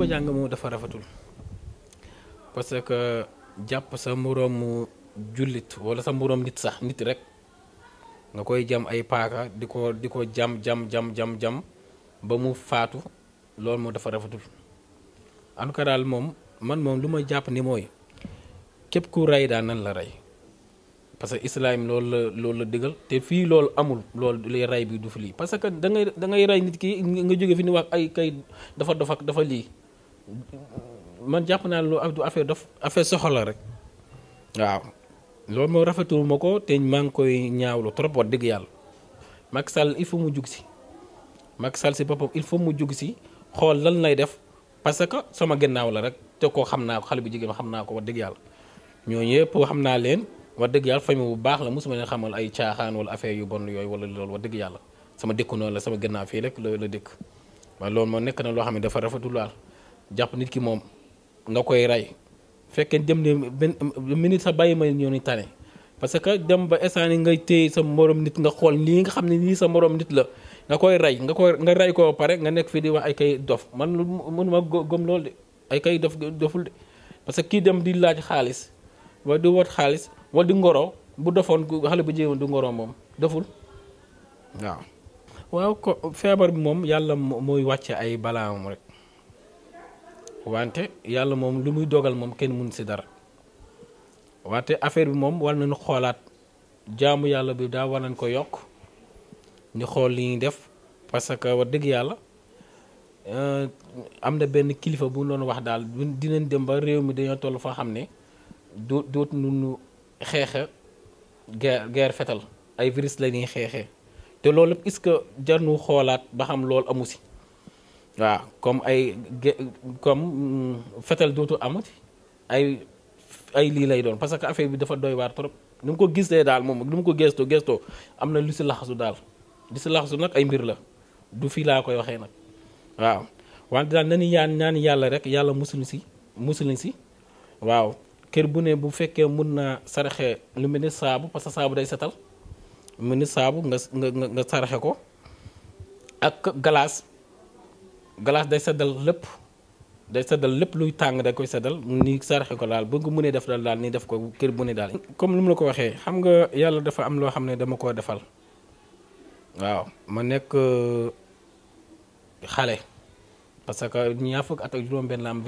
ko jàng mu dafa rafetul parce que jàpp sa moroomu jullit wala sa mboroom nit sax nit rek nga koy jam ay paaka di ko di ko jam jam jam jam jam ba mu faatu loolu moo dafa rafetul en moom man moom lu ma jàpp ni mooy képp ku ray daan nan la rey parce que islam loolu la loolu la dëggal te fii loolu amul loolu lay bi du fi lii parce que da ngay da nit ki nga jóge fi ni wax ay kay dafa dof dafa lii man jàpp naa lu du affaire dof affaire soxla rek waaw loolu mooy rafetul ko te maa ngi koy ñaawlu trop wax dëgg yàlla Macky Sall il faut mu jug si Macky Sall si boppam il faut mu jug si xool lan nay def parce que sama gannaaw la rek te koo xam naa ko xale bu jigéen ma xam naa ko wax dëgg yàlla ñoo yëpp xam naa leen wax dëgg yàlla famille bu baax la mosuma leen xamal ay caaxaan wala affaire yu bon yooyu wala loolu wax dëgg yàlla sama dëkku noonu la sama gannaaw fii rek la dëkk waaye loolu moo nekk na loo xam ne dafa rafetul jàpp nit ki moom nga koy rey fekkee dem ne benn minute sa bàyyi ma ñoo ni tane parce que dem ba instant ngay téye sa morom nit nga xool lii nga xam ne nii sa moroom nit la nga koy ray nga koy nga ray ko pare nga nekk fii di wax ay kay dof man mënuma gëm loolu de ay kay dof doful de parce que kii dem di laaj xaalis wala di wot xaalis wala di ngoro bu dofoon xale bu jéewoon du ngoro moom doful waaw waaw ko feebar bi moom yàlla mooy wàcce ay balaam rek wante yàlla moom lu muy dogal moom kenn mun si dara wante affaire bi moom war nañu xoolaat jaamu yàlla bi daa war nañ ko yokk ñu xool li ñuy def parce que wax dëgg yàlla euh, am na benn kilifa bu ñu doon wax daal dinañ dem ba réew mi dañoo toll foo xam ne du doot nu xeexa guerre guerre fetal ay virus la ñuy xeexee te loolu est-ce que jar nu xoolaat ba xam loolu amu si. waaw comme ay comme mm, fetal dootu amati ay ay lii lay doon parce que affaire bi dafa doy waar trop ni mu ko gisee daal moom ni mu ko gëstoo gëstoo am na lu si laxasu daal lu si laxasu nag ay la du fii laa koy waxee nag waaw wante daal nañu ñaan yàlla rek yàlla musul si musul si waaw kër bu ne bu fekkee mun naa saraxe lu mel ni saabu parce que saabu day setal mu ni saabu nga nga nga saraxe ko ak galaas glace day seddal lépp day seddal lépp luy tàng da koy seddal ni saraxe ko daal bëgg mu ne def daal daal ni def ko kër bu ne daal. comme lu mu la ko waxee xam nga yàlla dafa am loo xam ne dama koo defal waaw ma nekk euh, xale parce que ñaar fukk ak juróom-benn la am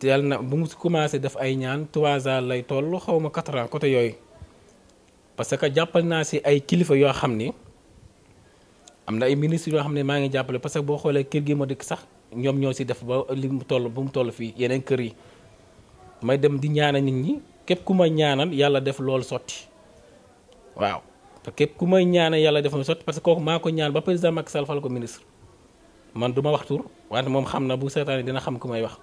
te yàlla na bu mu commencé def ay ñaan 3 lay toll xaw ma 4 ans côté yooyu parce que jàppal naa si ay kilifa yoo xam ni. am na ay ministres yoo xam ne maa ngi jàppale parce que boo xoolee kër gi ma dëkk sax ñoom ñoo si def ba li mu toll ba mu toll fii yeneen kër yi may dem di ñaana nit ñi képp ku may ñaanal yàlla def loolu sotti waaw te képp ku may ñaanal yàlla def ma sotti parce que kooku maa ko ñaan ba président Macky Sall fal ko ministre man du ma wax tur wante moom xam na bu seetaanee dina xam ku may wax.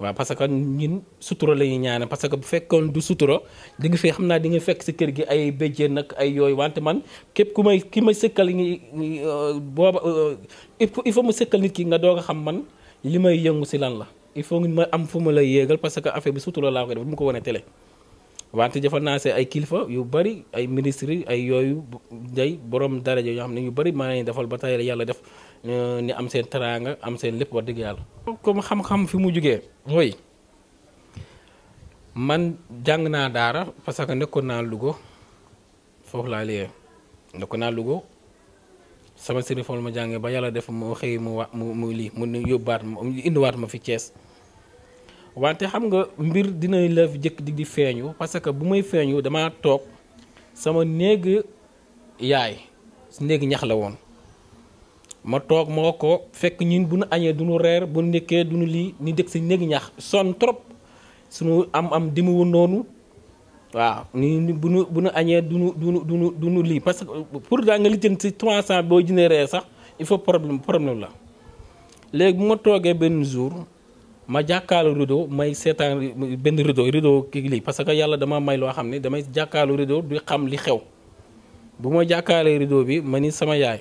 waaw parce que ñun sutura la ñuy ñaanal parce que bu fekkoon du suturo di nga xam naa di fekk si kër gi ay béjjén nag ay yooyu wante man képp ku may ki may sëkkal ñi euh, booba euh, il faut mu sëkkal nit ki nga doog a xam man li may yëngu si lan la il faut ma am fu ma la yéegal parce que affaire bi sutura laa ko def mu ko wane télé wante jëfal naa see ay kilifa yu bëri ay ministres ay yooyu day borom daraja yoo xam ne yu bari maa ngi defal ba tey yàlla def Euh, ni am seen teraanga am seen lépp wax dëgg yàlla. comme xam-xam fi mu jugee mooy man jàng naa daara parce que nekkoon naa Louga foofu laa liyee nekkoon naa Louga sama sëriñ foofu ma jàngee ba yàlla def mu xëy mu wa mu mu lii mu yóbbaat ma indiwaat ma fi cees wante xam nga mbir dina la jëkk di di feeñu parce que bu may feeñu damaa toog sama néeg yaay néeg ñax la woon ma toog moo ko fekk ñun bu nu añee du nu reer bu nu nekkee du nu lii ni dëkk si néegi ñax sonn trop suñu am am dimu woon noonu waaw ni bu nu bu nu añee du nu du nu du nu lii parce que pour daa nga lijjën si 300 boo jëndee reer sax il faut problème problème la léegi bu ma toogee benn jour ma jàkkaalu rideau may seetaan benn rideau rideau kii lii parce que yàlla dama may loo xam ne damay jàkkaalu rideau di xam li xew bu ma jàkkaalee rideau bi ma ni sama yaay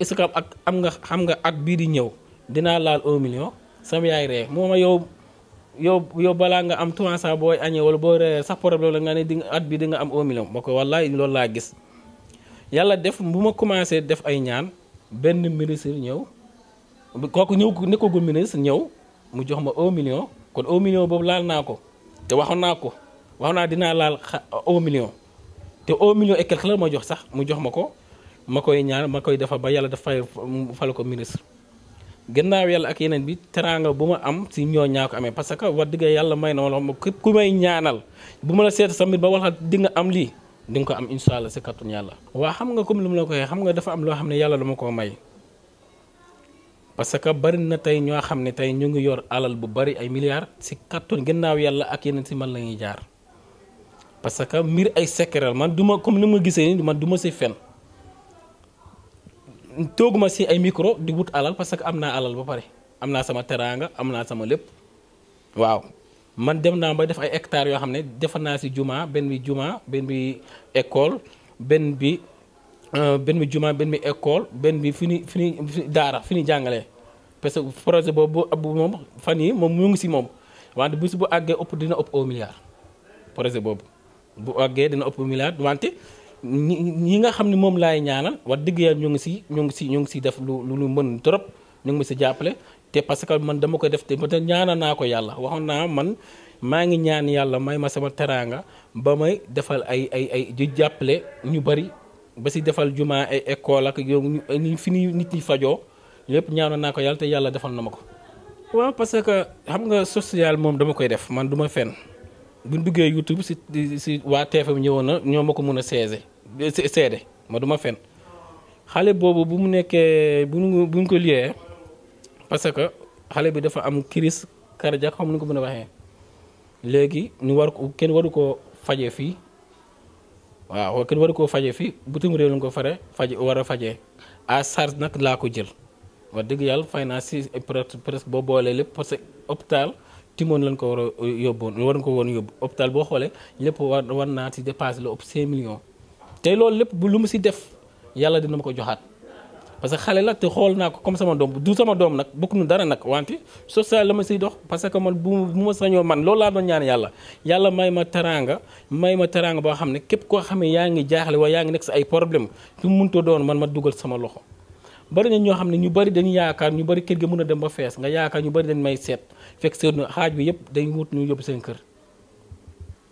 est-ce que ak am nga xam nga at bii di ñëw dinaa laal un million sama yaay ree moo ma yow yow yow balaa nga am trois cent booy añee wala boo reeree sax problème la nga ne di at bi di nga am un million ma ko wallaay loolu laa gis yàlla def bu ma commencé def ay ñaan benn ministre ñëw kooku ñëw nekkagul ministre ñëw mu jox ma un million kon un boobu laal naa ko te waxoon naa ko wax naa dinaa laal un million te un million et quelque la ma jox sax mu jox ma ko ma koy ñaan ma koy defal ba yàlla dafa fal ko ministre gannaaw yàlla ak yeneen bi teraanga bu ma am si ñoo ñaa ko amee parce que wax dëgg yàlla may na ma képp ku may ñaanal bu ma la seet samit ba wax di nga am lii di ko am incha allah si kattun yàlla. waa xam nga comme lu mu la ko waxee xam nga dafa am loo xam ne yàlla dama koo may parce que bari na tey ñoo xam ne tey ñu ngi yor alal bu bari ay milliards si kattun gannaaw yàlla ak yeneen si man la ñuy jaar parce que mbir ay du ma comme ni ma gisee man du ma fen tooguma si ay micro di wut alal parce que am naa alal ba pare am naa sama teraanga am naa sama lépp waaw man dem naa ba def ay hectares yoo xam ne defal naa si juma benn bi jumaa benn bi école benn bi euh, benn bi benn bi école benn bi fi ni fi ni daara fi ni jàngalee parce que projet boobu bu moom fan yi moom mu ngi si moom wante si bu àggee ëpp dina ëpp au milliard projet boobu bu àggee dina ëpp milliard wante ñi ñi nga xam ne moom laay ñaanal wax dëgg yàlla ñu ngi si ñoo ngi si ñu ngi si def lu lu mën trop ñu ngi ma si jàppale te parce que man dama ko def te ñaanal naa ko yàlla waxoon naa man maa ngi ñaan yàlla may ma sama teraanga ba may defal ay ay ay di jàppale ñu bari ba si defal jumaa ay école ak yow ñu fi ni nit ñi fajoo lépp ñaanal naa ko yàlla te yàlla defal na ma ko. waaw parce xam nga social moom dama koy def man du ma fenn. bu ñu duggee YouTube si si waa TFM ñëwoon na ñoo ma ko mën a seese seede ma duma fen xale boobu bu mu nekkee bu ñu bu ko liyee parce que xale bi dafa am kiris karja xam nu ko mën a waxee léegi ñu war ko kenn waru koo faje fii waaw kenn waru koo faje fii bitim réew lañ ko fare faje war a fajee à charge nag laa ko jël wax dëgg yàlla fay naa si presque boo boolee lépp parce que hôpital Timone lañ ko war a euh, yóbboon waroon ko woon yóbbu hôpital boo xoolee lépp war war naa ci dépassé lu ëpp 5 millions te loolu lépp bu lu ma si def yàlla dina ma ko joxaat parce que xale la te xool naa ko comme sama doom du sama doom nag bokk nu dara nag wante social la ma siy dox parce que man bu bu ma sañoo man loolu laa doon ñaan yàlla yàlla may ma teraanga may ma teraanga boo xam ne képp koo xamee yaa ngi jaaxale wala yaa ngi nekk sa ay problème fi mu mëntoo doon man ma dugal sama loxo bari na ñoo xam ne ñu bari dañu yaakaar ñu bari kër gi mën a dem ba fees nga yaakaar ñu bari dañ may seet fekk seen xaaj bi yëpp dañ wut ñu yóbbu seen kër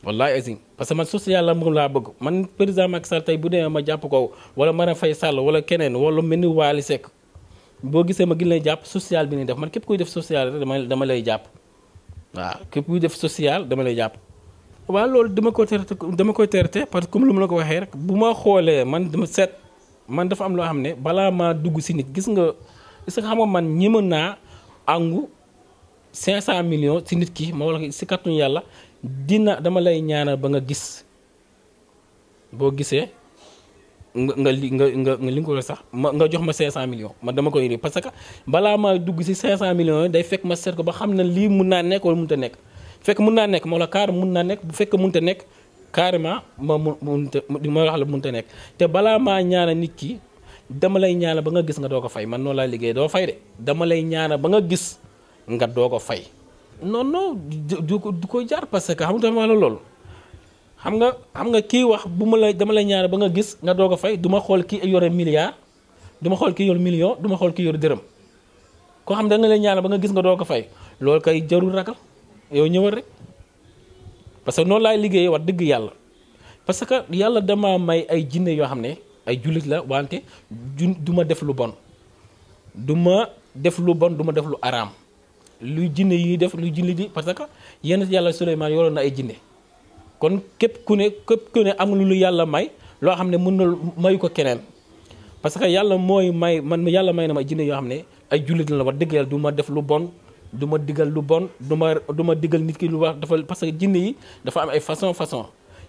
wallaay azim parce que man social la moom laa bëgg man président Macky Sall tey bu demee ma jàpp ko wala Marème Faye Sall wala keneen wala mel ni Waly Seck boo gisee ma gën lay jàpp social bi ni def man képp koy def social rek dama dama lay jàpp waaw képp kuy def social dama lay jàpp waaw loolu dama ko terte dama koy terte parce que comme lu ma la ko waxee rek bu ma xoolee man dama seet man dafa am loo xam ne balaa maa dugg si nit gis nga est-ce que xam nga man ñëma naa àngu 500 million si nit ki ma wala si kàttanu yàlla dina dama lay ñaanal ba nga gis boo gisee nga nga li nga nga li nga ko sax ma nga jox ma 500 millions koy indi que balaa maa dugg si 500 millions yi day fekk ma seet ko ba xam ne lii mun naa nekk wala mun ta nekk fekk mun naa nekk ma wala kaar mun naa nekk bu fekk mun ta nekk. carrément ma mu mu ma wax la mun a nekk te balaa maa ñaana nit ki dama lay ñaana ba nga gis nga doo ko fay man noonu laa liggéey doo fay de dama lay ñaana ba nga gis nga doo ko fay. non non du ko du parce que xam nga la loolu xam nga xam nga kii wax bu ma la dama lay ba nga gis nga doo ko fay du ma xool kii yore milliard du ma xool ki yor million du xool ki yor dërëm koo xam da nga lay ñaana ba nga gis nga doo ko fay loolu kay jarul ragal yow ñëwal rek. parce que noonu laay liggéey wax dëgg yàlla parce que yàlla dama may ay jinne yoo xam ne ay jullit la wante du duma def lu bon du ma def lu bon du def lu araam luy jinne yi def luy jinne di parce que yenn yàlla Suleymaan yoroon na ay jinne kon képp ku ne képp ku ne am lu yàlla may loo xam ne mën na mayu ko keneen parce que yàlla mooy may man yàlla may na ma jinne yoo xam ne ay jullit la wax dëgg yàlla du def lu bon du ma digal lu bon du ma ma digal nit ki lu wax dafa parce que jinne yi dafa am ay façon façon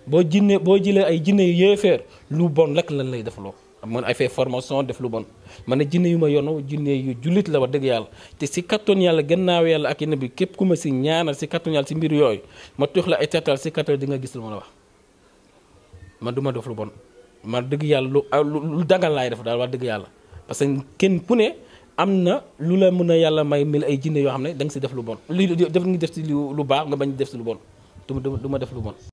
boo jinne boo jëlee ay jinne yu yéefeer lu bon rek lan lay def loo man ay fay formation def lu bon ma ne jinne yu ma yono jinne yu jullit la wax dëgg yàlla te si kattoon yàlla gannaaw yàlla ak yenn bi képp ku ma si ñaanal si kattoon yàlla si mbir yooyu ma tuux la ay teetal si kattoon di nga gis lu ma la wax man du ma def lu bon man dëgg yàlla lu lu laay def daal wax dëgg yàlla am na lu la mën a yàlla may mil ay jinne yoo xam ne danga nga si def lu bon lii def nga def si lu baax nga bañ def si lu bon du ma def lu bon